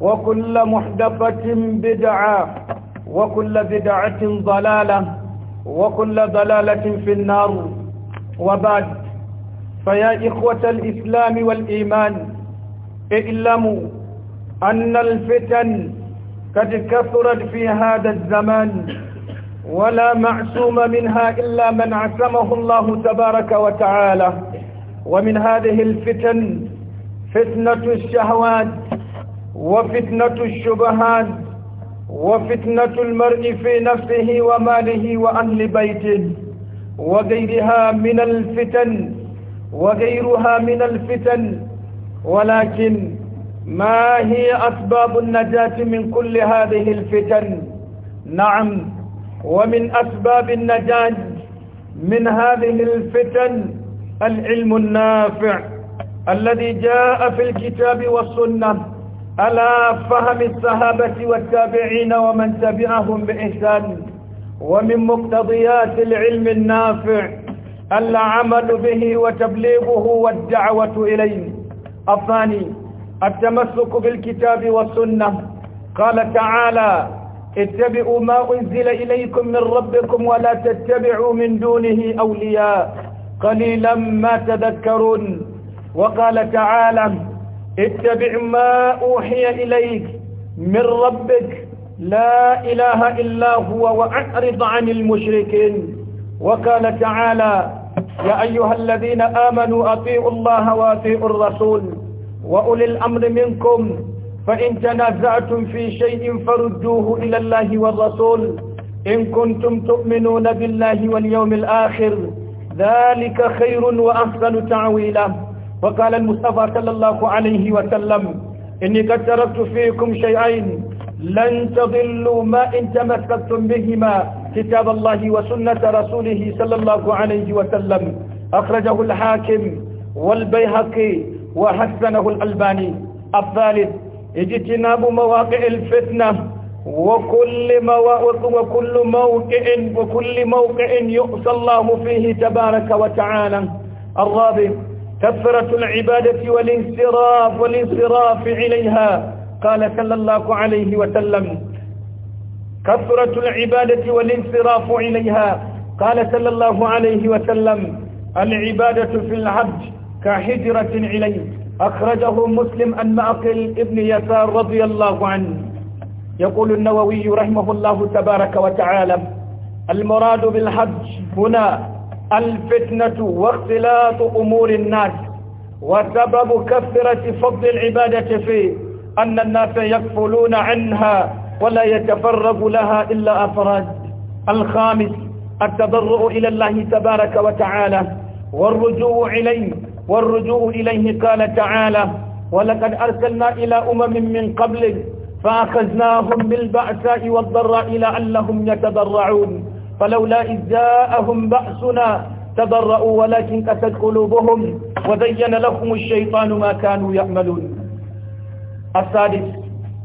وكل محدفة بدعة وكل بدعة ضلالة وكل ضلالة في النار وبعد فيا إخوة الإسلام والإيمان اعلموا أن الفتن قد كثرت في هذا الزمان ولا معصوم منها إلا من عصمه الله تبارك وتعالى ومن هذه الفتن فتنة الشهوات وفتنة الشبهات وفتنة المرء في نفسه وماله وأهل بيته وغيرها من الفتن وغيرها من الفتن ولكن ما هي أسباب النجاة من كل هذه الفتن نعم ومن أسباب النجاة من هذه الفتن العلم النافع الذي جاء في الكتاب والسنة على فهم الصحابة والتابعين ومن تبعهم بإحسان ومن مقتضيات العلم النافع العمل به وتبليغه والدعوة إليه الثاني التمسك بالكتاب والسنة قال تعالى اتبعوا ما أنزل إليكم من ربكم ولا تتبعوا من دونه أولياء قليلا ما تذكرون وقال تعالى اتبع ما أوحي إليك من ربك لا إله إلا هو وأعرض عن المشركين وقال تعالى يا أيها الذين آمنوا أطيعوا الله وأطيعوا الرسول وأولي الأمر منكم فإن تنازعتم في شيء فردوه إلى الله والرسول إن كنتم تؤمنون بالله واليوم الآخر ذلك خير وأحسن تعويلا وقال المصطفى صلى الله عليه وسلم إني قد تركت فيكم شيئين لن تضلوا ما إن تمسكتم بهما كتاب الله وسنة رسوله صلى الله عليه وسلم أخرجه الحاكم والبيهقي وحسنه الألباني الثالث اجتناب مواقع الفتنة وكل مواقع وكل موقع وكل موقع يؤسى الله فيه تبارك وتعالى الرابع كثرة العبادة والانصراف والانصراف إليها قال صلى الله عليه وسلم كثرة العبادة والانصراف إليها قال صلى الله عليه وسلم العبادة في العبد كحجرة إليه أخرجه مسلم أن معقل ابن يسار رضي الله عنه يقول النووي رحمه الله تبارك وتعالى المراد بالحج هنا الفتنة واختلاط أمور الناس وسبب كثرة فضل العبادة فيه أن الناس يكفلون عنها ولا يتفرغ لها إلا أفراد الخامس التضرع إلى الله تبارك وتعالى والرجوع إليه والرجوع إليه قال تعالى ولقد أرسلنا إلى أمم من قبلك فأخذناهم بالبأساء والضراء لعلهم يتضرعون فلولا إذ جاءهم بأسنا تضرؤوا ولكن أتت قلوبهم وزين لهم الشيطان ما كانوا يعملون السادس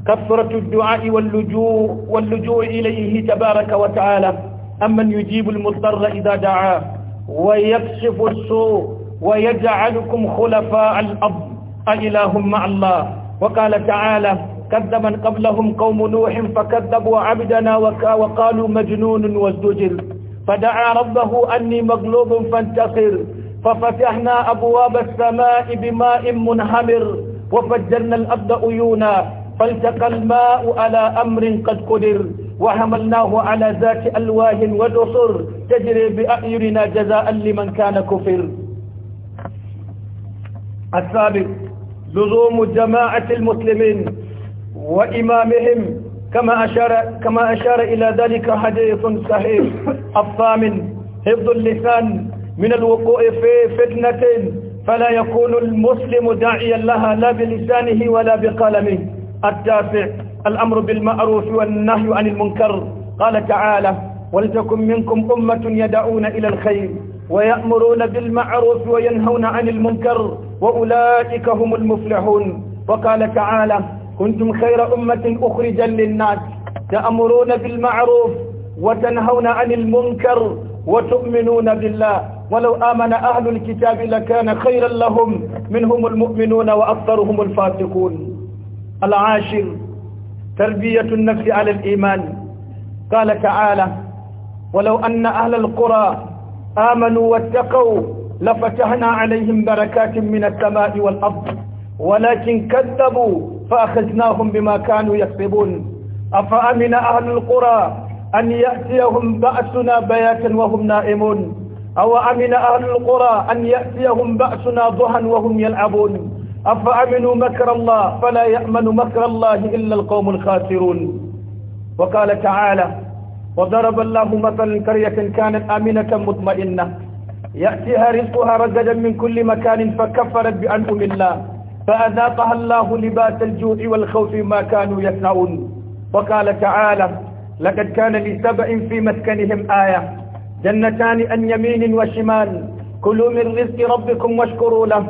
كثرة الدعاء واللجوء واللجوء إليه تبارك وتعالى أمن يجيب المضطر إذا دعاه ويكشف السوء ويجعلكم خلفاء الأرض أإله مع الله وقال تعالى كذب من قبلهم قوم نوح فكذبوا عبدنا وقالوا مجنون وازدجر فدعا ربه أني مغلوب فانتصر ففتحنا أبواب السماء بماء منهمر وفجرنا الأرض عيونا فالتقى الماء على أمر قد قدر وحملناه على ذات ألواه ودصر تجري بأعيننا جزاء لمن كان كفر السابق لزوم جماعة المسلمين وإمامهم كما أشار, كما أشار إلى ذلك حديث صحيح الثامن حفظ اللسان من الوقوع في فتنة فلا يكون المسلم داعيا لها لا بلسانه ولا بقلمه التاسع الأمر بالمعروف والنهي عن المنكر قال تعالى ولتكن منكم أمة يدعون إلى الخير ويأمرون بالمعروف وينهون عن المنكر وأولئك هم المفلحون وقال تعالى كنتم خير أمة أخرجا للناس تأمرون بالمعروف وتنهون عن المنكر وتؤمنون بالله ولو آمن أهل الكتاب لكان خيرا لهم منهم المؤمنون وأكثرهم الفاسقون العاشر تربية النفس على الإيمان قال تعالى ولو أن أهل القرى آمنوا واتقوا لفتحنا عليهم بركات من السماء والأرض ولكن كذبوا فأخذناهم بما كانوا يكسبون أفأمن أهل القرى أن يأتيهم بأسنا بياتا وهم نائمون أو أمن أهل القرى أن يأتيهم بأسنا ضحى وهم يلعبون أفأمنوا مكر الله فلا يأمن مكر الله إلا القوم الخاسرون وقال تعالى وضرب الله مثلا قرية كانت آمنة مطمئنة يأتيها رزقها رجدا من كل مكان فكفرت بأنهم الله فأذاقها الله لباس الجوع والخوف ما كانوا يصنعون وقال تعالى لقد كان لسبع في مسكنهم آية جنتان أن يمين وشمال كلوا من رزق ربكم واشكروا له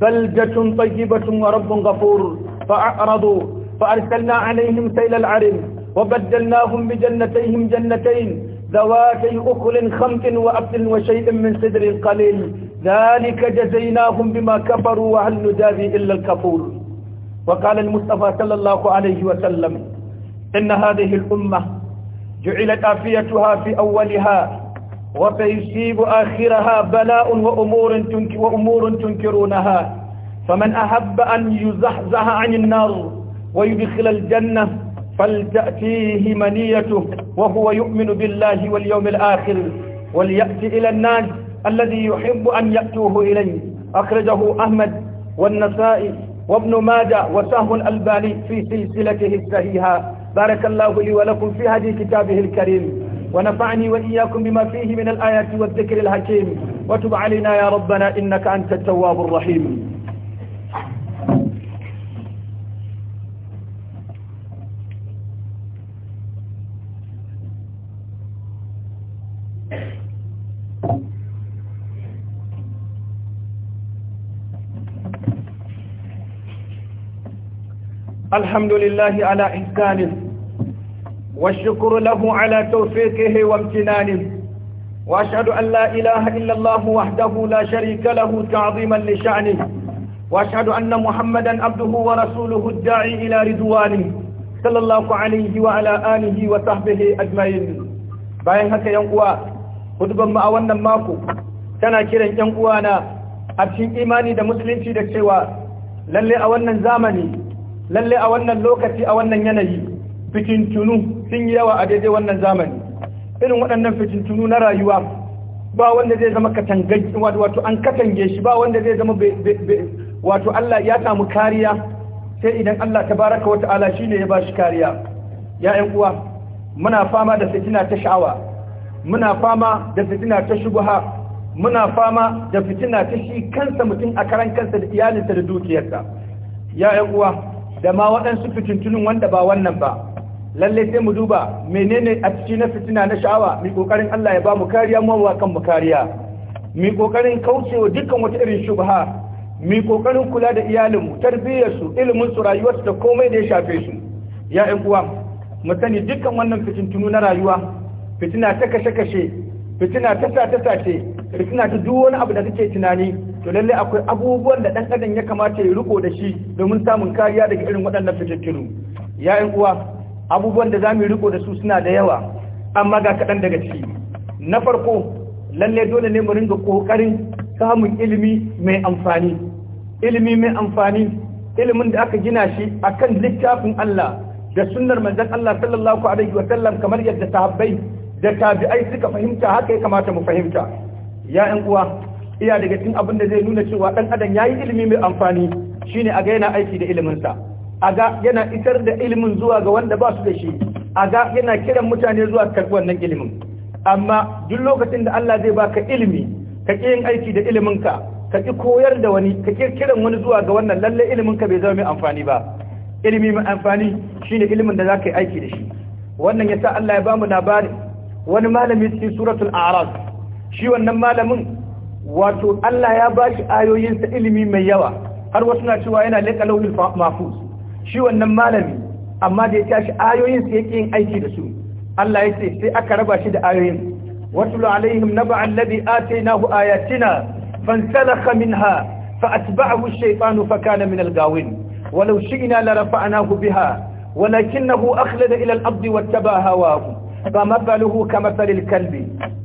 بلدة طيبة ورب غفور فأعرضوا فأرسلنا عليهم سيل العرم وبدلناهم بجنتيهم جنتين ذواتي أكل خمت وأبل وشيء من سدر قليل ذلك جزيناهم بما كفروا وهل نجازي إلا الكفور وقال المصطفى صلى الله عليه وسلم إن هذه الأمة جعلت عافيتها في أولها وسيصيب آخرها بلاء وأمور, تنك وأمور تنكرونها فمن أحب أن يزحزح عن النار ويدخل الجنة فلتأتيه منيته وهو يؤمن بالله واليوم الآخر وليأتي إلى الناس الذي يحب أن يأتوه إليه أخرجه أحمد والنسائي وابن ماجه وسهم الألباني في سلسلته السهيها بارك الله لي ولكم في هذه كتابه الكريم ونفعني وإياكم بما فيه من الآيات والذكر الحكيم وتب علينا يا ربنا إنك أنت التواب الرحيم الحمد لله على إحسانه والشكر له على توفيقه وامتنانه وأشهد أن لا إله إلا الله وحده لا شريك له تعظيما لشأنه وأشهد أن محمدا عبده ورسوله الداعي إلى رضوانه صلى الله عليه وعلى آله وصحبه أجمعين bayan haka yan uwa hudubar mu a wannan mako tana kiran yan uwana a cikin imani da musulunci da cewa lalle a wannan zamani lalle a wannan lokaci a wannan yanayi fitintunu sun yi yawa a daidai wannan zamani irin waɗannan fitintunu na rayuwa ba wanda zai zama katangai wato an katange shi ba wanda zai zama wato Allah ya samu kariya sai idan Allah ta baraka wa ta'ala shine ya ba shi kariya ya ƴan uwa muna fama da fitina ta sha'awa muna fama da fitina ta shubha muna fama da fitina ta shi kansa mutum a karan kansa da iyalinsa da dukiyarsa ya uwa da ma waɗansu fitintunin wanda ba wannan ba lalle sai mu duba menene a ciki na fitina na sha'awa mai kokarin Allah ya ba mu kariya mu wa kan mu kariya mi kokarin kaucewa dukkan wata irin shubha mai kokarin kula da iyalin mu tarbiyyar su ilimin su rayuwar da komai da ya shafe su ya ƴan uwa mu sani dukkan wannan fitintunu na rayuwa fitina ta kashe kashe fitina ta sa ta ce fitina ta duk wani abu da take tunani to lalle akwai abubuwan da dan adam ya kamata ya riko da shi domin samun kariya daga irin waɗannan fitintunu ya yan uwa abubuwan da zamu riko da su suna da yawa amma ga kaɗan daga ciki na farko lalle dole ne mu ringa kokarin samun ilimi mai amfani ilimi mai amfani ilimin da aka gina shi akan littafin Allah da sunnar manzon Allah sallallahu alaihi wa sallam kamar yadda sahabbai da tabi'ai suka fahimta haka ya kamata mu fahimta ya ƴan uwa iya daga cikin abin da zai nuna cewa dan adam yayi ilimi mai amfani shine aga yana aiki da ilimin sa aga yana isar da ilimin zuwa ga wanda ba su da shi aga yana kiran mutane zuwa karɓi wannan ilimin amma duk lokacin da Allah zai baka ilimi ka ƙi yin aiki da ilimin ka ka ki koyar da wani ka ƙi kiran wani zuwa ga wannan lalle ilimin ka bai zama mai amfani ba ilimi mai amfani shine ilimin da zaka yi aiki da shi wannan yasa Allah ya bamu labarin wani malami cikin suratul a'raf shi wannan malamin wato Allah ya bashi ayoyinsa ilimi mai yawa har wasu na cewa yana leka lauhul mahfuz shi wannan malami amma da ya tashi sa yake yin aiki da su Allah ya ce sai aka raba shi da ayoyin watlu alaihim naba alladhi atainahu ayatina fansalakha minha فأتبعه الشيطان gawin من الغاوين ولو شئنا biha بها ولكنه أخلد إلى الأرض واتبع هواه فمثله كمثل الكلب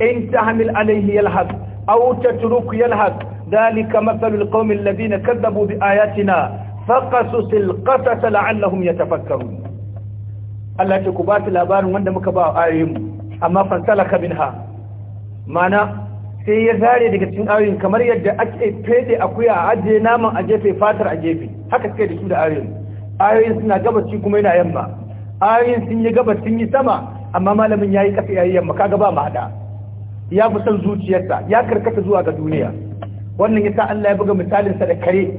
إن تحمل عليه يلهث أو تترك يلهث ذلك مثل القوم الذين كذبوا بآياتنا فقصص القصص لعلهم يتفكرون الله تكبات الأبار وانا كباء آيهم أما فانسلك منها معنى sai ya zare daga cikin ayoyin kamar yadda ake fede akuya a ajiye naman a jefe fatar a jefe haka suke da su da ayoyin ayoyin suna gabaci kuma yana yamma ayoyin sun yi gabas sun yi sama amma malamin ya yi kasa yayin yamma kaga ba ma'ada ya fi son zuciyarsa ya karkata zuwa ga duniya wannan yasa Allah ya buga misalin sa da kare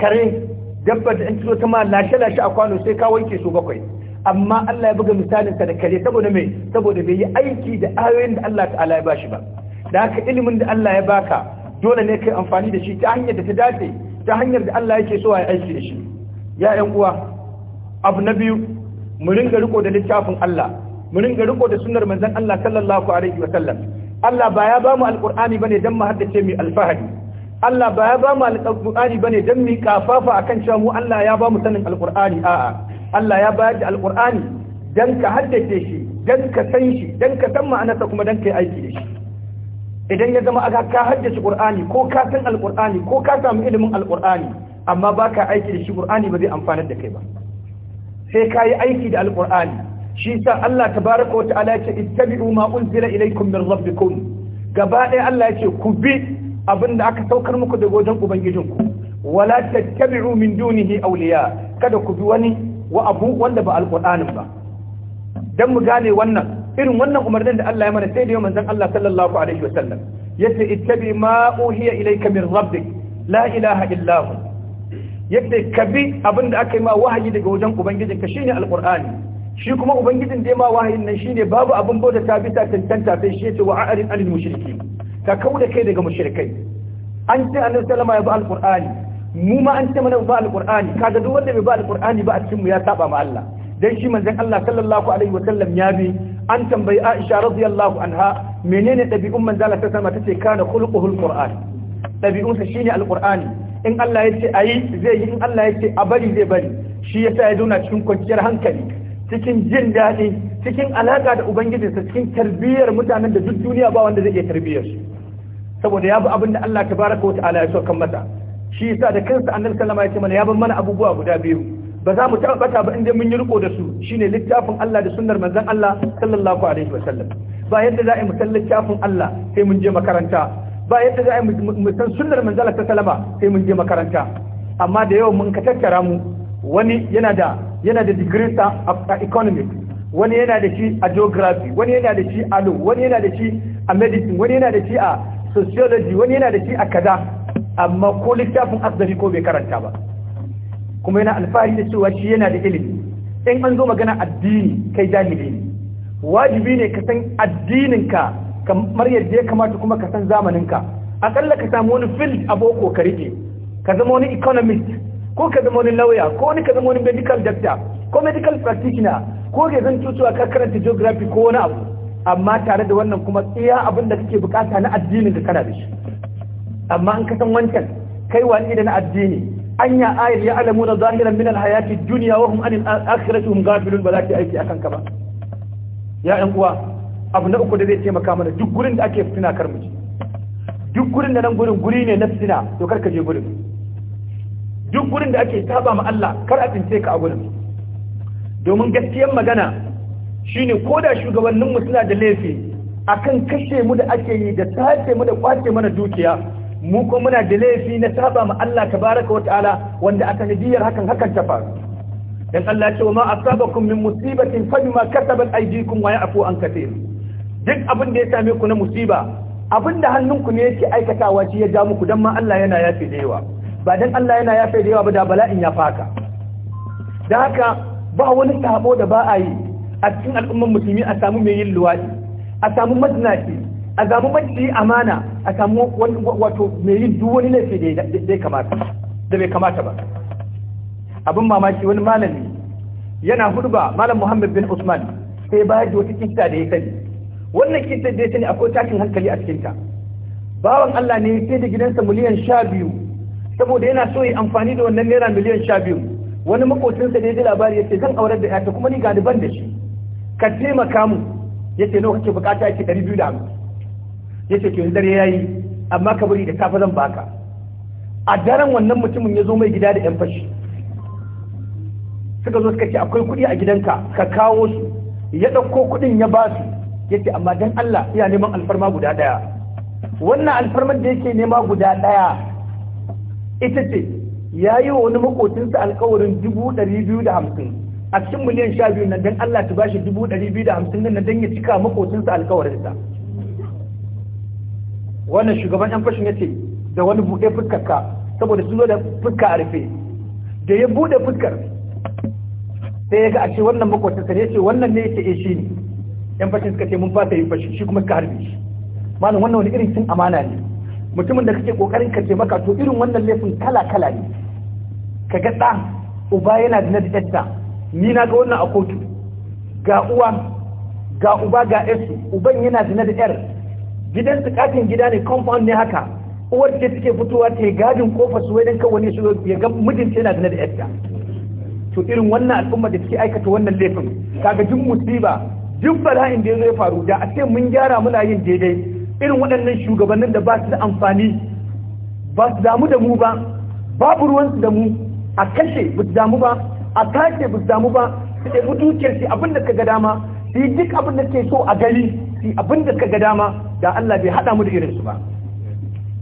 kare dabba da an kiro ta ma lashe lashe a kwano sai ka wanke su bakwai amma Allah ya buga misalin sa da kare saboda me saboda bai yi aiki da ayoyin da Allah ta'ala ya bashi ba da haka ilimin da Allah ya baka dole ne kai amfani da shi ta hanyar da ta dace ta hanyar da Allah yake so ya aiki da shi ya yan uwa abu na biyu mu ringa riko da littafin Allah mu ringa riko da sunnar manzon Allah sallallahu alaihi wa sallam Allah ba ya bamu alqur'ani bane dan mu haddace mu alfahari Allah ba ya bamu alqur'ani bane dan mu kafafa akan cewa mu Allah ya bamu sanin alqur'ani a'a Allah ya bayar da alqur'ani dan ka haddace shi dan ka san shi dan ka san ma'anarsa kuma dan kai aiki da shi idan ya zama aka ka haddace qur'ani ko ka san alqur'ani ko ka samu ilimin alqur'ani amma baka aiki da shi qur'ani ba zai amfanar da kai ba sai ka yi aiki da alqur'ani shi sa Allah tabaraka wa ta'ala ya ce ittabi'u ma unzila ilaykum min rabbikum gaba ɗaya Allah ya ce ku bi abin da aka saukar muku daga wajen ubangijinku wala tattabi'u min dunihi awliya kada ku bi wani wa abu wanda ba alqur'anin ba dan mu gane wannan irin wannan umarnin da Allah ya mana sai da yau manzon Allah sallallahu alaihi wa sallam yace ittabi ma uhiya ilayka min rabbik la ilaha illa hu yace kabi abin da aka yi ma wahayi daga wajen ubangijinka shine alqur'ani shi kuma ubangijin da ma wahayin nan shine babu abin bauta ta bisa tantanta sai shi ce wa a'rid anil mushriki ka kauda kai daga mushrikai an ce annabi sallama ya bi alqur'ani mu ma an ce mana ba alqur'ani kaga duk wanda bai ba alqur'ani ba a cikin mu ya saba ma Allah dan shi manzon Allah sallallahu alaihi wa sallam ya bi an tambayi Aisha radiyallahu anha menene dabi'un manzon Allah ta sama tace kana khuluquhul qur'an dabi'unsa shine alqur'ani in Allah ya ce ayi zai yi in Allah ya ce a bari zai bari shi yasa ya zauna cikin kwanciyar hankali cikin jin daɗi cikin alaƙa da ubangijinsa cikin tarbiyyar mutanen da duk duniya ba wanda zai iya tarbiyyar su saboda ya bi abin da Allah tabaraka Ta'ala ya so kan masa shi yasa da kansa annabi sallama ya ce mana ya bar mana abubuwa guda biyu ba za mu taɓa bata ba inda mun yi riko da su shine littafin Allah da sunnar manzon Allah sallallahu alaihi wa sallam, ba yadda za a yi mu san littafin Allah sai mun je makaranta ba yadda za a yi mu san sunnar manzon Allah sallallahu alaihi sai mun je makaranta amma da yau mun ka tattara mu wani yana da yana da degree a economics wani yana da shi a geography wani yana da shi a law wani yana da shi a medicine wani yana da shi a sociology wani yana da shi a kaza amma ko littafin asali ko bai karanta ba kuma yana alfahari da cewa shi yana da ilimi in an zo magana addini kai jahili ne wajibi ne ka san addininka kamar yadda ya kamata kuma ka san zamaninka akalla ka samu wani field a boko ka rike ka zama wani economist ko ka zama wani lauya ko wani ka zama wani medical doctor ko medical practitioner ko ka zan cutuwa ka karanta geography ko wani abu amma tare da wannan kuma tsiya abin da kake bukata na addinin da kana da shi amma an kasan wancan kai wani da na addini anya ayar ya alamu na zahiran min hayati dunya wa hum anil akhirati hum ghafilun ba za ki aiki akan ka ba ya uwa abu na uku da zai taimaka mana duk gurin da ake fitina kar duk gurin da nan gurin guri ne na fitina to kar ka je gurin duk gurin da ake saba ma Allah kar a tsince ka a gurin domin gaskiyar magana shine ko da shugabannin mu suna da laifi akan kashe mu da ake yi da tace mu da kwace mana dukiya mu ko muna da laifi na saba ma Allah tabaraka wa ta'ala wanda a nadiyar hakan hakan ta faru dan Allah ce wa ma asabakum min musibatin fa bima kasabat aydikum wa ya'fu an katir duk abin da ya same ku na musiba abin da hannunku ne yake aikatawa shi ya ja muku dan ma Allah yana yafi da yawa ba dan Allah yana yafe da yawa ba da bala'in ya faka da haka ba wani sabo da ba a yi a cikin al'ummar musulmi a samu mai yin luwadi a samu mazinaci a samu maciyi amana a samu wato mai yin duk wani laifi da bai kamata ba abin mamaki wani malami yana hurba malam muhammad bin usman sai ba da wata kinta da ya sani wannan kinta da ya sani akwai tashin hankali a cikinta bawan allah ne sai da gidansa miliyan sha biyu saboda yana so ya amfani da wannan naira miliyan sha biyu wani makocinsa da ya ji labari ya ce zan aurar da yata kuma ni ga daban da shi ka taimaka mu ya ce nawa kake bukata ya ɗari biyu da hamsin ya ce to dare ya yi amma ka bari da kafa zan baka a daren wannan mutumin ya zo mai gida da yan fashi suka zo suka ce akwai kuɗi a gidanka ka kawo su ya ɗauko kuɗin ya ba su ya ce amma dan Allah iya neman alfarma guda ɗaya wannan alfarmar da yake nema guda ɗaya ita ce ya yi wa wani makocinsa alkawarin dubu ɗari biyu da hamsin a cikin miliyan sha biyu na dan Allah ta bashi dubu ɗari biyu da hamsin nan dan ya cika makocinsa alkawarinsa wannan shugaban yan fashin ya ce da wani buɗe ka saboda sun zo da fuska a rufe da ya buɗe fuskar sai ya ga a ce wannan makocinsa ne ya ce wannan ne ya ce eh, shi ne yan fashin suka ce mun fata yin fashi shi kuma suka harbe shi malam wannan wani irin cin amana ne mutumin da kake kokarin ka taimaka to irin wannan laifin kala kala ne ka ga ɗan uba yana da nadiyarta ni na ga wannan a kotu ga uwa ga uba ga yarsu uban yana da nadiyar gidan su katin gida ne compound ne haka uwar ce take fitowa ta yi gadin kofar su wajen kan wani su ya ga mijinta yana da nadiyarta to irin wannan al'umma da take aikata wannan laifin kaga duk musiba duk bala'in da ya faru da a ce mun gyara muna yin daidai irin waɗannan shugabannin da ba su da amfani ba su damu da mu ba babu ruwan su da mu a kashe ba su damu ba a kashe ba su damu ba su ɗebi dukiyar su abin da ka ga dama su yi duk abin da ke so a gari su abin da ka ga dama da Allah bai haɗa mu da irinsu ba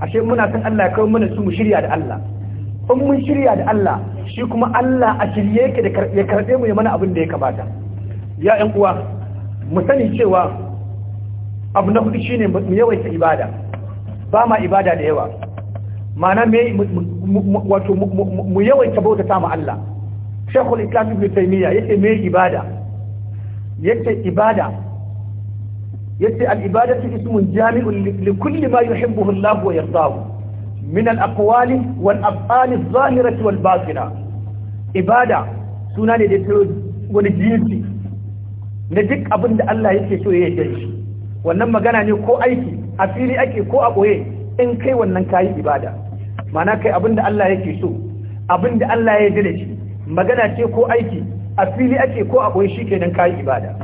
ashe muna san Allah ya kawo mana su mu shirya da Allah in mun shirya da Allah shi kuma Allah a shirye yake da ya karɓe mu ya mana abin da ya kamata ya ƴan uwa mu sani cewa abu na hudu shine mu yawaita ibada ba ma ibada da yawa ma'ana me wato mu yawaita bauta ma Allah Sheikhul Islam Ibn Taymiyyah yace me ibada yace ibada yace al-ibadatu ismun jami'un li kulli ma yuhibbuhu Allah wa yardahu min al-aqwali wal af'ali adh-dhahirati wal batina ibada suna ne da wani jinsi na duk abin da Allah yake so ya yi shi wannan magana ne ko aiki a fili ake ko a ɓoye in kai wannan kayi ibada mana kai abinda da Allah yake so abin da Allah ya da shi magana ce ko aiki a fili ake ko a ɓoye shikenan kayi ibada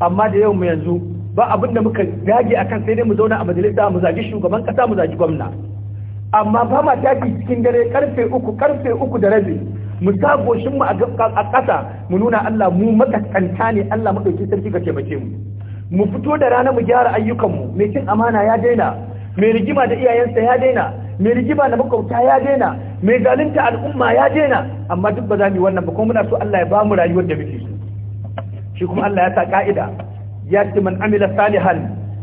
amma da yau mu yanzu ba abin da muka dage akan sai dai mu zauna a majalisa mu zagi shugaban kasa mu zagi gwamna amma ba ma tafi cikin dare karfe uku karfe uku da rabi mu sa goshin mu a kasa mu nuna Allah mu makaskanta ne Allah maɗauki sarki ka taimake mu mu fito da rana mu gyara ayyukanmu mai cin amana ya daina mai rigima da iyayensa ya daina mai rigima da makauta ya daina mai zalunta al'umma ya daina amma duk ba za mu yi wannan ba kuma muna so Allah ya ba mu rayuwar da muke so shi kuma Allah ya sa ka'ida ya ce man amila salihan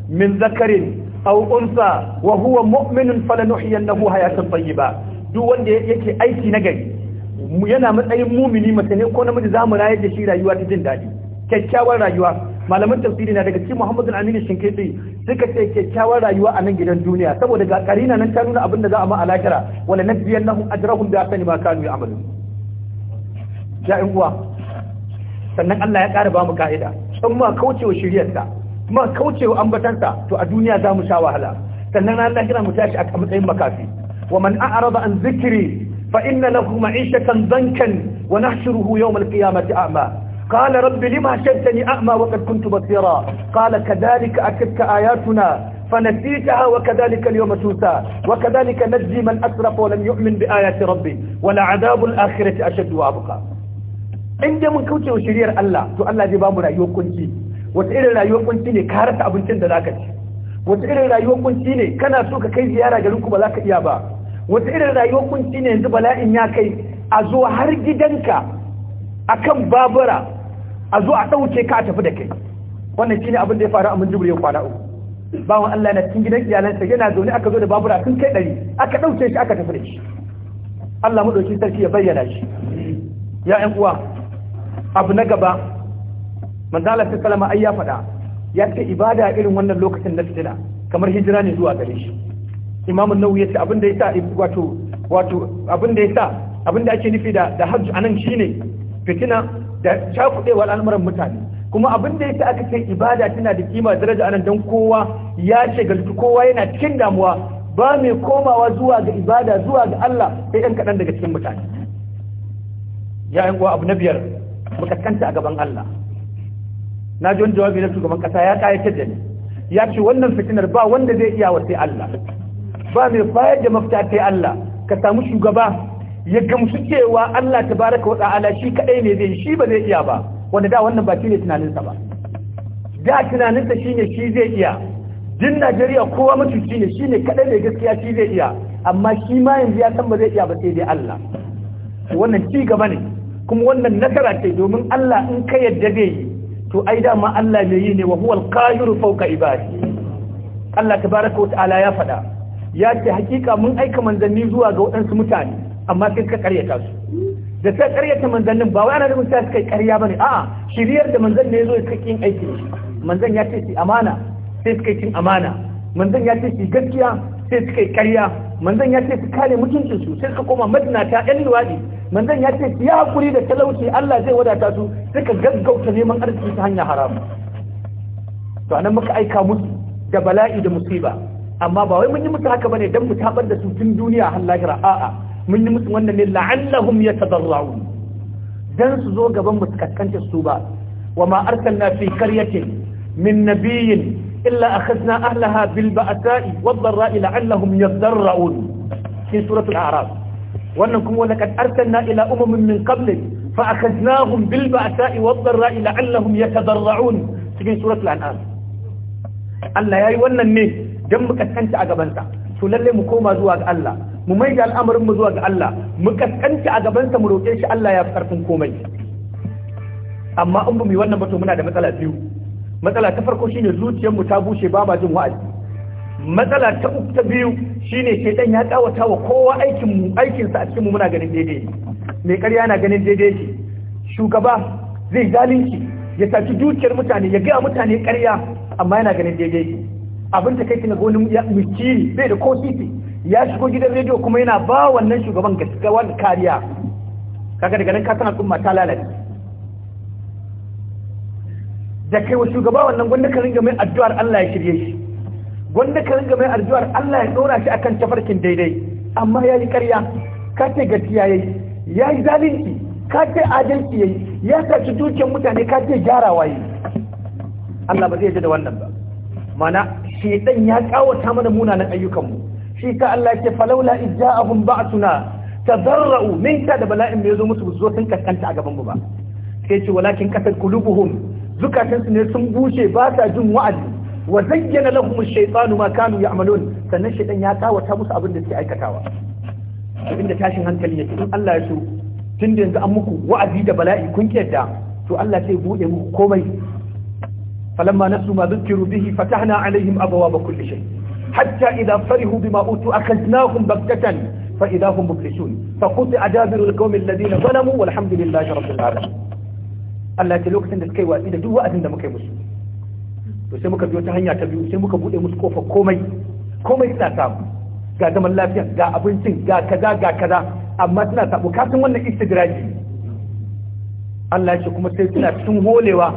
min zakarin aw unsa wa huwa mu'minun falanuhyiyannahu hayatan tayyiba duk wanda yake aiki na gari yana matsayin mumini mutane ko namiji za mu rayar da shi rayuwa ta jin daɗi kyakkyawan rayuwa malaman tafsiri na daga cikin Muhammad al-Amin Shinkiti suka ce kyakkyawar rayuwa a nan gidan duniya saboda ga karina nan ta nuna abin da za a ma a lakira wala nabiyannahum ajrahum bi asani ma kanu ya'malu ya in uwa sannan Allah ya ƙara ba mu ka'ida in ma kaucewa shiryarsa ma kaucewa ambatansa to a duniya za mu sha wahala sannan Allah kira mu tashi a matsayin makafi wa man a'rada an zikri fa inna lahu ma'ishatan dankan wa nahshuruhu yawm al-qiyamati a'ma قال رب لما شدني أعمى وقد كنت بصيرا قال كذلك أتتك آياتنا فنسيتها وكذلك اليوم تنسى وكذلك نجزي من أسرف ولم يؤمن بآيات ربي ولعذاب الآخرة أشد وأبقى inda mun kauce wa shiriyar Allah to Allah zai bamu rayuwar kunci wata irin rayuwar kunci ne ka abincin da zaka ci wata irin rayuwar kunci ne kana so ka kai ziyara garin ku ba zaka iya ba wata irin rayuwar kunci ne yanzu bala'in ya kai Azo har gidanka akan babura a zo a ɗauke ka tafi da kai wannan shine abin da ya faru a mun jibril kwana uku bawan Allah na cikin gidan iyalansa yana zaune aka zo da babura sun kai ɗari aka ɗauke shi aka tafi da shi Allah maɗauki sarki ya bayyana shi ya ƴan uwa abu na gaba manzala ta salama ai ya faɗa ya ce ibada irin wannan lokacin na fitina kamar hijira ne zuwa gare shi imamun nawu ya ce abin da ya sa wato wato abin da ya sa abin da ake nufi da da hajj anan shine fitina da wa al'amuran mutane kuma abin da yasa aka ce ibada tana da kima daraja anan dan kowa ya ce shagaltu kowa yana cikin damuwa ba mai komawa zuwa ga ibada zuwa ga Allah sai ɗan kaɗan daga cikin mutane ya yi abu na biyar kanta a gaban Allah na ji wani jawabi na shugaban kasa ya kayatar da ni ya ce wannan fitinar ba wanda zai iya wa sai Allah ba mai bayar da mafita sai Allah ka samu shugaba ya gamsu cewa Allah ta baraka wa ta'ala shi kadai ne zai shi ba zai iya ba wanda da wannan ba shi ne tunaninsa ba da tunaninsa shi ne shi zai iya din Najeriya kowa mutunci ne shi ne kadai ne gaskiya shi zai iya amma shi ma yanzu ya san ba zai iya ba sai dai Allah wannan ci gaba ne kuma wannan nasara ce domin Allah in ka yadda zai yi to ai dama Allah mai yi ne wa huwal qahiru fawqa ibadi Allah tabaraka wa ta'ala ya faɗa ya ce hakika mun aika manzanni zuwa ga waɗansu mutane amma sai suka karyata su da sai karyata manzannin ba wai ana nufin sai suka yi karya bane a'a shiriyar da manzan ne zo ya kin aiki manzan ya ce shi amana sai suka yi amana manzan ya ce shi gaskiya sai suka yi karya manzan ya ce su kare mutuncin su sai suka koma ta yan luwadi manzan ya ce su ya hakuri da talauci Allah zai wadata su suka gaggauta neman arziki ta hanya haramu to anan muka aika musu da bala'i da musiba amma ba wai mun yi musu haka bane dan mu tabar da su tun duniya har lahira a'a mun yi musu wannan ne la'allahum yatadarra'un dan su zo gaban mu kaskanta su ba wa ma arsalna fi qaryatin min nabiyyin illa akhadna ahlaha bil ba'sa'i wad dharra'i la'allahum yadarra'un fi suratul a'raf wannan kuma laqad arsalna ila umamin min qablik fa akhadnahum bil ba'sa'i wad dharra'i la'allahum yatadarra'un cikin suratul an'am Allah yayi wannan ne dan mu kaskanta a gaban sa to lalle mu koma zuwa ga Allah mu mai da al'amarin mu zuwa ga Allah mu kaskanta a gabansa mu roƙe shi Allah ya fi ƙarfin komai amma in ba mu yi wannan ba muna da matsala biyu matsala ta farko shine zuciyar mu ta bushe ba ba jin wa'azi matsala ta uku ta biyu shine shedan ya kawata wa kowa aikin mu aikin sa a cikin mu muna ganin daidai ne mai ƙarya na ganin daidai shi shugaba zai zalunci ya tafi dukiyar mutane ya ga mutane ƙarya amma yana ganin daidai abin ta kai ga ya miskini bai da ko ya shigo gidan rediyo kuma yana ba wannan shugaban gaskawar kariya kaga daga nan san al'umma ta lalace da kai wa shugaba wannan gwanda ka ringa mai addu'ar Allah ya shirye shi gwanda ka ringa mai addu'ar Allah ya dora shi akan tafarkin daidai amma ya yi karya ka ce gaskiya yayi ya yi zalunci ka ce adalci yayi ya shi dukiyar mutane ka ce gyara waye. Allah ba zai yarda da wannan ba mana shedan ya ta mana munanan ayyukanmu shi ka Allah ke falaula ijja'ahum ba'tuna tadarra'u minka da bala'in da zo musu zo sun kaskanta a gaban mu ba sai ce walakin kasar qulubuhum zukatansu ne sun bushe ba sa jin wa'azi wa zayyana lahum ash-shaytanu ma kanu ya'malun sannan shaytan ya tawata musu abin da suke aikatawa abin da tashin hankali yake in Allah ya so tun da yanzu an muku wa'azi da bala'i kun kiyarda to Allah sai buɗe muku komai falamma nasu ma dhukiru bihi fatahna alaihim abwaaba kulli shay' حتى إذا فرحوا بما أوتوا أخذناهم بكتة فإذا هم مفلسون فقطع دابر القوم الذين ظلموا والحمد لله رب العالمين Allah ya ce lokacin da suka yi watsi da duk wa'azin da muka yi musu to sai muka biyo ta hanya ta biyu sai muka bude musu kofar komai komai suna samu ga zaman lafiya ga abincin ga kaza ga kaza amma suna samu kasan wannan istidraji Allah ya ce kuma sai suna cikin holewa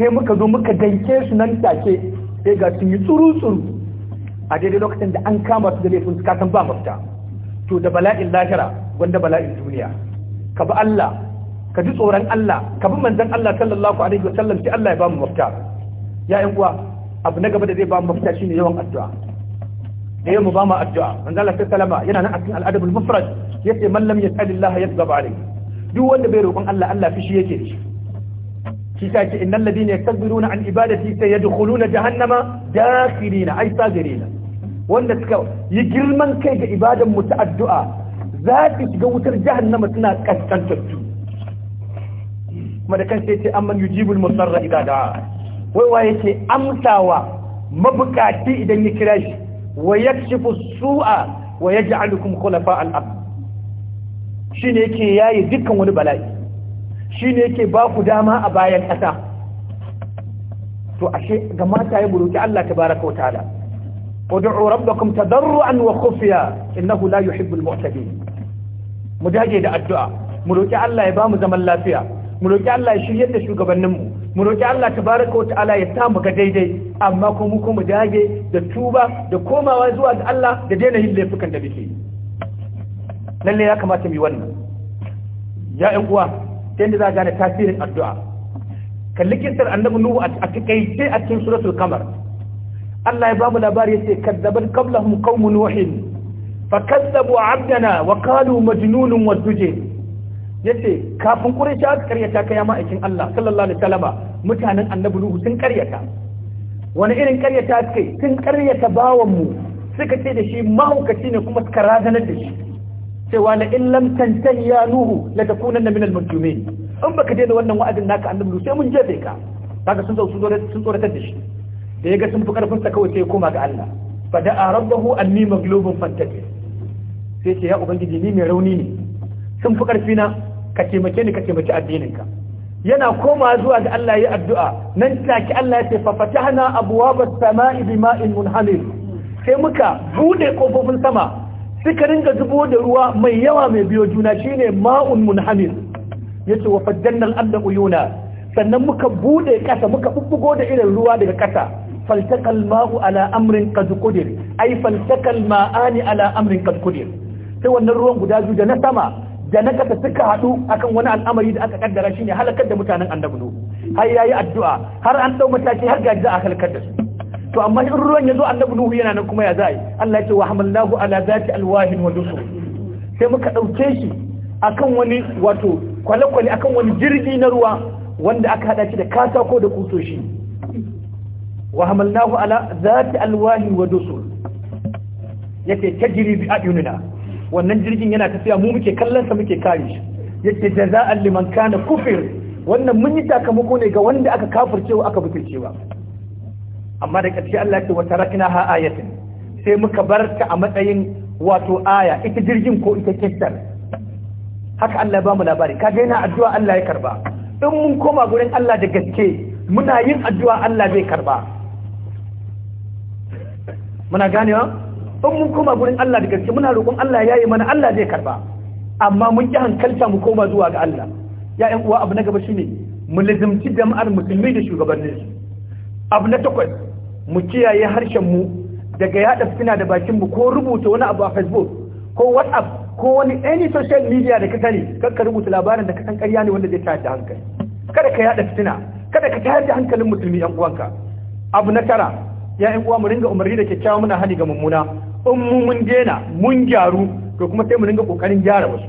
sai muka zo muka danke su nan take sai ga sun yi tsuru tsuru a daidai lokacin da an kama su da laifin su kasan ba mafita to da bala'in lahira wanda bala'in duniya ka bi Allah ka ji tsoron Allah ka bi manzon Allah sallallahu alaihi wa sallam sai Allah ya ba mu mafita ya yan uwa abu na gaba da zai ba mu mafita shine yawan addu'a da yamu ba mu addu'a manzon Allah sallallahu yana nan a cikin al-adabul mufrad yace man lam yas'alillah yasghab alayhi duk wanda bai roƙon Allah Allah fishi yake shi shi ta ce innal ladina yastakbiruna an ibadati sayadkhuluna jahannama dakhirina ay sagirina wanda suka yi girman kai ga ibadan mu ta addu'a za su shiga wutar jahannama suna kaskantattu kuma da kansa yace amman yujibul musarra idza da'a wai wa yace amsawa mabukati idan ya kira shi wa yakshifu su'a wa yaj'alukum khulafa al-ard shine yake yayi dukkan wani bala'i shine yake ba ku dama a bayan kasa to ashe ga mata ya buruki Allah tabaraka wa ta'ala ud'u rabbakum tadarruan wa khufiya innahu la yuhibbul mu'tadin mu dage da addu'a mu roki Allah ya bamu zaman lafiya mu roki Allah ya shiryar da shugabanninmu mu roki Allah tabaraka wa ta'ala ya tamu ga daidai amma ko mu ko mu dage da tuba da komawa zuwa ga Allah da daina yin laifukan da muke lalle ya kamata mu yi wannan ya ƴan uwa ta yadda za a gane tasirin addu'a kalli kisar annabi nuhu a takaice a cikin suratul kamar Allah ya bamu labari yace kadzabat qablahum qaum nuh fakazzabu abdana wa qalu majnunun waduje yace kafin quraish aka karyata kai ya ma'aikin Allah sallallahu alaihi wasallam mutanen annabi nuhu sun karyata wani irin karyata kai sun karyata bawan mu suka ce da shi mahaukaci ne kuma suka razanar da shi cewa la in lam tantahi ya nuhu la takunanna min al in baka daina wannan wa'adin naka annabi sai mun jefe ka kaga sun zo sun zo da shi da ya ga sun fi karfinsa kawai sai ya koma ga Allah fa da'a rabbahu anni maglubun fantaki sai ce ya ubangiji ni mai rauni ne sun fi na ka taimake ni ka taimaki addininka yana koma zuwa ga Allah ya addu'a nan take Allah ya ce fa fatahna abwabas sama'i bima'in munhamil sai muka bude kofofin sama suka ringa zubo da ruwa mai yawa mai biyo juna shine ma'un munhamil yace wa faddanna al-arda uyuna sannan muka bude kasa muka bubbugo da irin ruwa daga kasa فالتقى الماء على امر قد قدر اي فالتقى الماء على امر قد قدر sai wannan ruwan guda biyu da na sama da na kasa suka hadu akan wani al'amari da aka kaddara shine halakar da mutanen annabi nuhu har yayi addu'a har an dau mataki har gaji za a halakar su to amma in ruwan yazo annabi nuhu yana nan kuma ya zai Allah ya ce wa hamallahu ala zati alwahin wa sai muka ɗauke shi akan wani wato kwale-kwale akan wani jirgi na ruwa wanda aka haɗa shi da katako da kusoshi wa hamalnahu ala zati alwahi wa yake tajri bi ayunina wannan jirgin yana tafiya mu muke kallon sa muke kare shi yake jaza'an liman kana kufir wannan mun yi sakamako ne ga wanda aka kafircewa aka butulcewa amma da ƙarshe Allah ya ce wa tarakna ha ayatin sai muka bar ta a matsayin wato aya ita jirgin ko ita kistar haka Allah ya bamu labari kaga yana addu'a Allah ya karba in mun koma gurin Allah da gaske muna yin addu'a Allah zai karba muna ganewa in mun koma gurin Allah da gaske muna roƙon Allah ya yi mana Allah zai karba amma mun ki hankalta mu koma zuwa ga Allah ya ƴan uwa abu na gaba shine mu lazimci jama'ar musulmi da shugabannin su abu na takwas mu kiyaye harshen mu daga yada fitina da bakin mu ko rubuta wani abu a Facebook ko WhatsApp ko wani any social media da ka sani kar ka rubuta labarin da ka san ƙarya ne wanda zai tayar da hankali kada ka yada fitina kada ka tayar da hankalin musulmi ƴan uwanka abu na tara ya ƴan uwa mu ringa umarni da kyakkyawa muna hani ga mummuna in mu mun dena mun gyaru to kuma sai mu ringa kokarin gyara wasu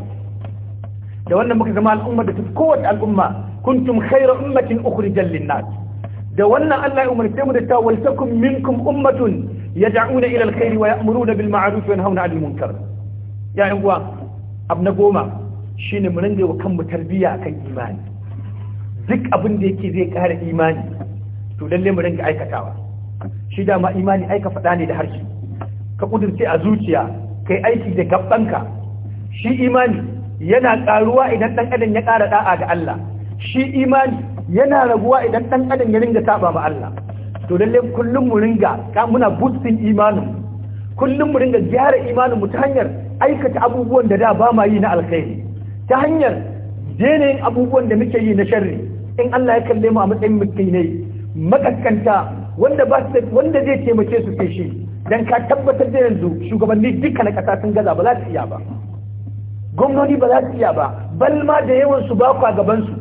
da wannan muka zama al'ummar da ta kowace al'umma kuntum khayra ummatin ukhrijal linnas da wannan Allah ya umarce mu da ta waltakum minkum ummatun yad'una ila alkhairi wa ya'muruna bil ma'ruf wa yanhauna 'anil munkar ya ƴan uwa abna goma shine mu ringa wa kanmu tarbiyya akan imani duk abin da yake zai kare imani to lalle mu ringa aikatawa shi dama imani aika faɗa ne da harshe ka kudurce a zuciya kai aiki da gabanka shi imani yana ƙaruwa idan ɗan adam ya ƙara da'a ga Allah shi imani yana raguwa idan ɗan adam ya ringa saba ma Allah to lalle kullum mu ringa ka muna boosting imanin kullum mu ringa gyara imanin mu ta hanyar aikata abubuwan da da ba ma yi na alkhairi ta hanyar yin abubuwan da muke yi na sharri in Allah ya kalle mu a matsayin mutum ne makaskanta wanda ba wanda zai taimake su ke shi dan ka tabbatar da yanzu shugabanni duka na kasa sun gaza ba za su iya ba gwamnoni ba za su iya ba balma da yawan su ba kwa gaban su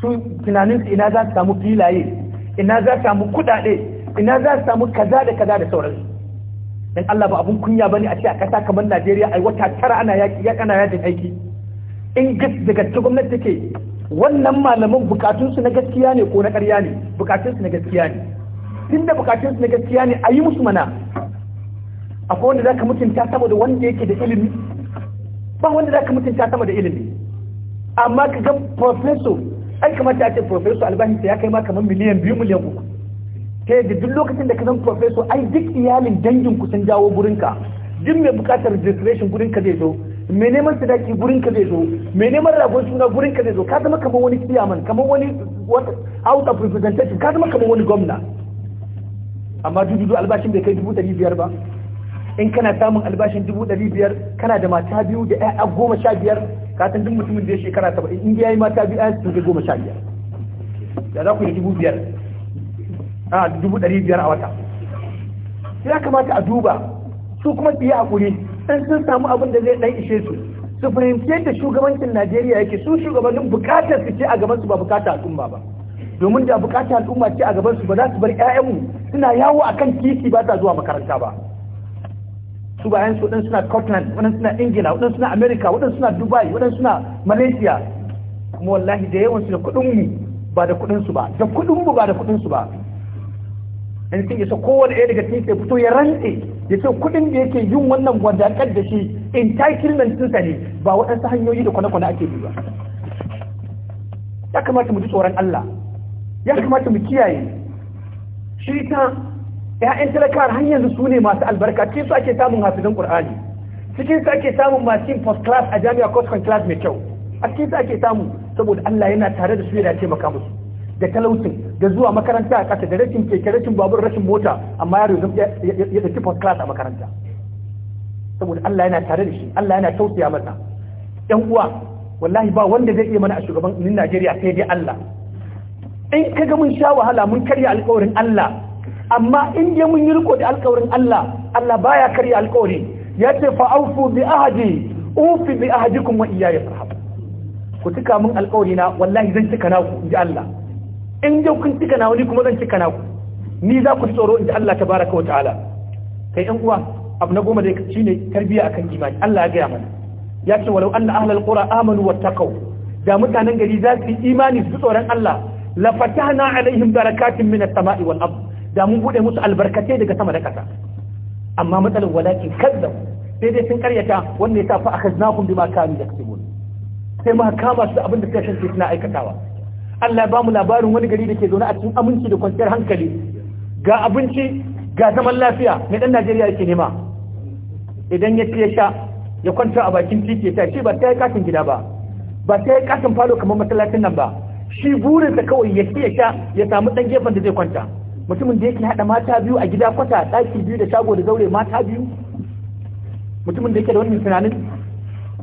su tunanin su ina za su samu filaye ina za su samu kudade ina za su samu kaza da kaza da sauransu dan Allah ba abun kunya bane a ce a kasa kamar Najeriya ai wata tara ana yaki ya kana yajin aiki in gis daga ta gwamnati take wannan malaman bukatunsu na gaskiya ne ko na ƙarya ne bukatunsu na gaskiya ne tun da bukatun su na gaskiya ne a yi musu mana akwai wanda zaka mutunta saboda wanda yake da ilimi ba wanda zaka mutunta sama da ilimi amma ka ga profeso ai kamata a ce profeso albashin ya kai ma kamar miliyan biyu miliyan uku ta yadda duk lokacin da ka zan Profeso, ai duk iyalin dangin ku sun jawo gurinka duk mai bukatar registration gurinka zai zo mai neman sadaki gurin ka zai zo mai neman rabon suna gurin ka zai zo ka zama kamar wani chairman kamar wani out of representative ka zama kamar wani gwamna amma dudu albashin bai kai dubu ɗari biyar ba in kana samun albashin dubu ɗari biyar kana da mata biyu da ƴaƴa goma sha biyar ka san duk mutumin da ya shekara saba'in in ya yi mata biyu ƴaƴa sun kai goma sha biyar da za ku yi dubu biyar a dubu ɗari biyar a wata ya kamata a duba su kuma biya a haƙuri sun sun samu abin da zai ɗan ishe su su fahimci yadda shugabancin najeriya yake su shugabannin bukatar su ce a gaban su ba bukatar al'umma ba domin da bukatar al'umma ce a gaban su ba za su bar ƴaƴanmu suna yawo akan titi ba ta zuwa makaranta ba su ba su waɗansu suna Scotland waɗansu suna Ingila waɗansu suna America waɗansu suna Dubai waɗansu suna Malaysia kuma wallahi da yawan su da kuɗin mu ba da kuɗin su ba da kuɗin mu ba da kuɗin su ba in sun isa kowane ɗaya daga cikin ya fito ya rantse ya ce kuɗin da yake yin wannan gwadakar da shi entitlement sun ne ba waɗansu hanyoyi da kwane-kwane ake bi ba ya kamata mu ji tsoron Allah ya kamata mu kiyaye shi ta ‘ya'yan talakar har yanzu su ne masu albarka cikin su ake samun hafizan ƙur'ani cikin su ake samun masu yin first class a jami'a ko second class mai kyau a cikin su ake samu saboda Allah yana tare da su yana taimaka musu da talautin da zuwa makaranta a ƙasa da rashin keke rashin babur rashin mota amma yaro ya ɗauki first class a makaranta saboda Allah yana tare da shi Allah yana tausaya masa ‘yan uwa wallahi ba wanda zai iya mana a shugabannin Najeriya sai dai Allah in kaga mun sha wahala mun karya alƙawarin Allah amma in dai mun yi riko da alƙawarin Allah Allah baya karya alkawari ya ce fa aufu bi ahadi ufi bi ahadikum wa iyaya farhab ku tuka mun alkawari na wallahi zan tuka naku inji Allah in dai kun tuka na wani kuma zan tuka naku ni za ku tsoro in ji Allah tabaraka wa ta'ala kai yan uwa abu na goma da ne tarbiyya akan imani Allah ya gaya mana ya ce walau anna ahlal qura amanu wattaqu da mutanen gari za su yi imani su tsoron Allah lafatana fatahna alaihim barakatin minas sama'i wal ard da mun bude musu albarkatai daga sama da kasa amma matsalar walakin kazzab sai dai sun karyata wanda ya tafi akhaznahum bima kanu yaktubun sai ma kama su abin da suka kasance suna aikatawa Allah ya bamu labarin wani gari da ke zaune a cikin aminci da kwanciyar hankali ga abinci ga zaman lafiya mai dan Najeriya yake nema idan ya ci ya sha ya kwanta a bakin titi ta shi ba ta yi katin gida ba ba ta yi katin falo kamar masallacin nan ba shi burinsa kawai ya ke ya sha ya samu ɗan gefen da zai kwanta mutumin da yake haɗa mata biyu a gida kwata daki biyu da shago da zaure mata biyu mutumin da yake da wannan tunanin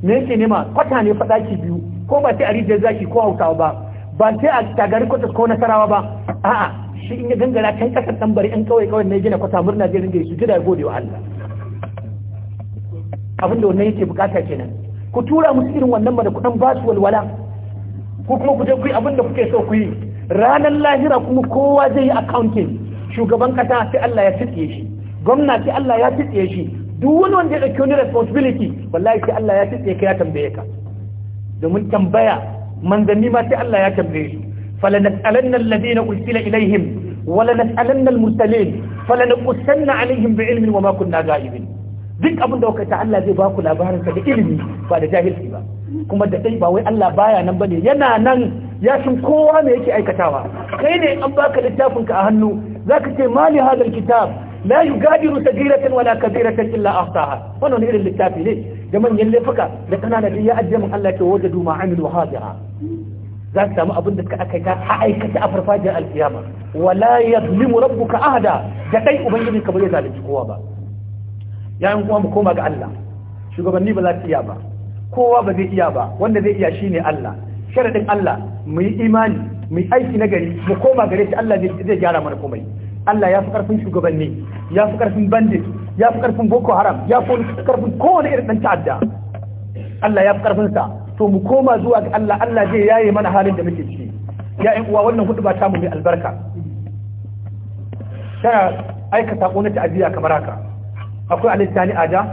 me yake nema kwata ne fa daki biyu ko ba sai a rijiyar zaki ko hausawa ba ba sai a tagari kwata ko nasarawa ba a'a shi in ya gangara kan kasar tambari in kawai kawai na gina kwata murna zai ringa su gida gode wa Allah abin da wannan yake bukata kenan ku tura musu irin wannan ba da ba su walwala ku kuma ku je ku yi abin da kuke so ku yi ranar lahira kuma kowa zai yi accounting shugaban kasa sai Allah ya tsitsiye shi gwamna sai Allah ya tsitsiye shi duk wani wanda ya dauki wani responsibility wallahi sai Allah ya tsitsiye ka ya tambaye ka domin tambaya manzanni ma sai Allah ya tambaye su falanas'alanna alladhina ursila ilaihim walanas'alanna almursalin falanqussanna alaihim bi'ilmin wama kunna ga'ibin duk abin da kuka ta Allah zai ba ku labarin ka da ilimi ba da jahilci ba kuma da dai ba wai Allah baya nan ba ne. yana nan ya kowa ne yake aikatawa kai ne an baka littafin ka a hannu zaka ce mali hadal kitab la yugadiru sagiratan wala kabiratan illa ahsaha wannan irin littafi ne da manyan laifuka da ƙanana da ya ajje mun Allah ke wajadu ma'amilu hadira za su samu abin da suka aka a aikata a farfajiyar alkiyama wala ya zulimu ka ahada da dai ubangiji ka bare zalunci kowa ba yayin kuma mu koma ga Allah shugabanni ba za su iya ba kowa ba zai iya ba wanda zai iya shi ne Allah sharadin Allah mu yi imani mu yi aiki na gari mu koma gare shi Allah zai gyara mana komai Allah ya fi karfin shugabanni ya fi karfin bandit ya fi karfin boko haram ya fi karfin kowane irin dan ta'adda Allah ya fi karfin sa to mu koma zuwa ga Allah Allah zai yaye mana halin da muke ciki ya uwa wannan hudu ba ta mu mai albarka tana aika sako na ta'aziyya kamar haka akwai alistani ada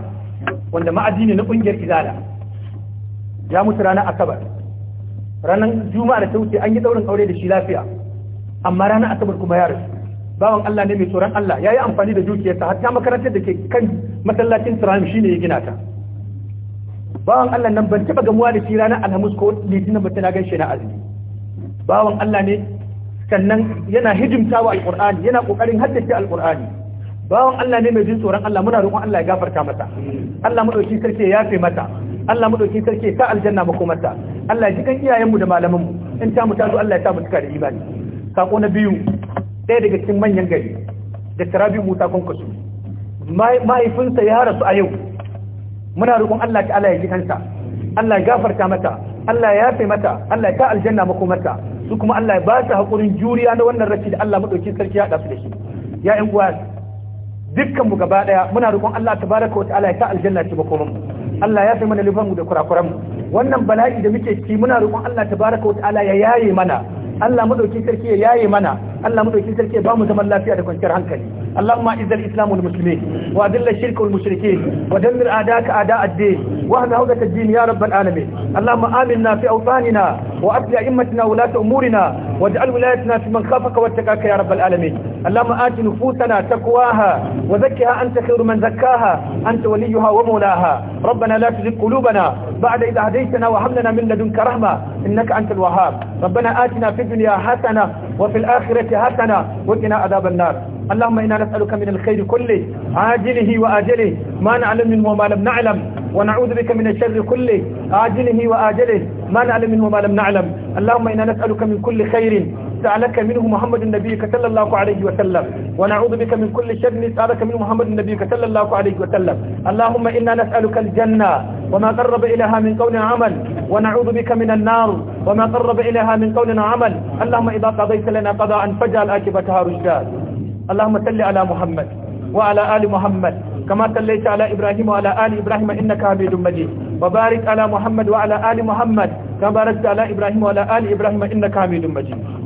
wanda ma'adini na kungiyar izala ya mutu ranar asabar ranar juma'a da ta wuce an yi daurin aure da shi lafiya amma ranar asabar kuma ya rasu bawan Allah ne mai tsoron Allah ya yi amfani da dukiyarsa hatta makarantar da ke kan masallacin Tsiram shi ne ya gina ta bawan Allah nan ban taba gamuwa da shi ranar Alhamis ko Litinin ba gan gaishe na azumi bawan Allah ne sannan yana wa alqur'ani yana kokarin haddace alqur'ani bawan Allah ne mai jin tsoron Allah muna roƙon Allah ya gafarta mata Allah madauki sarki ya yafe mata Allah madauki sarki ta aljanna makomarta Allah ya ji kan iyayenmu da malamanmu in ta mu Allah ya ta mutu tuka da imani sako na biyu ɗaya daga cikin manyan gari da Rabi'u Musa Kwankwaso mahaifinsa ya rasu a yau muna roƙon Allah ta Allah ya ji kansa Allah ya gafarta mata Allah ya yafe mata Allah ya ta aljanna makomarta su kuma Allah ya ba su haƙurin juriya na wannan rashi da Allah madauki sarki ya dafu da shi ya ƴan uwa dukkan gaba ɗaya muna roƙon Allah tabaraka wa ta'ala ya ta aljanna ci makomanmu Allah ya fi mana lufan da kurakuran mu wannan bala'i da muke ciki muna roƙon Allah tabaraka wa ta'ala ya yaye mana Allah madauki sarki ya yaye mana Allah madaukin sarki ya bamu zaman lafiya da kwanciyar hankali Allahumma izal islamu wal muslimin wa adilla shirka wal wa dammir a'daka a'da ad-din wa hada hawdaka ad-din ya rabbal alamin Allahumma aminna fi awtanina wa asli a'immatina wa ulati umurina waj'al wilayatina fi man khafaka wattaqaka ya rabbal alamin Allahumma ati nufusana taqwaha wa zakkiha anta khairu man zakkaha anta waliyuha wa mawlaha ربنا لا تزغ قلوبنا بعد إذ هديتنا وهب لنا من لدنك رحمة إنك أنت الوهاب ربنا آتنا في الدنيا حسنة وفي الآخرة حسنة وقنا عذاب النار اللهم إنا نسألك من الخير كله عاجله وآجله ما نعلم منه وما لم نعلم ونعوذ بك من الشر كله عاجله وآجله ما نعلم منه وما لم نعلم اللهم إنا نسألك من كل خير سألك منه محمد نبيك صلى الله عليه وسلم ونعوذ بك من كل شر سألك منه محمد نبيك صلى الله عليه وسلم اللهم إنا نسألك الجنة وما قرب إليها من قول عمل ونعوذ بك من النار وما قرب إليها من قول وعمل اللهم إذا قضيت لنا قضاء فجعل آكبتها رشدا اللهم صل على محمد وعلى آل محمد كما صليت على إبراهيم وعلى آل إبراهيم إنك حميد مجيد وبارك على محمد وعلى آل محمد كما باركت على إبراهيم وعلى آل إبراهيم إنك حميد مجيد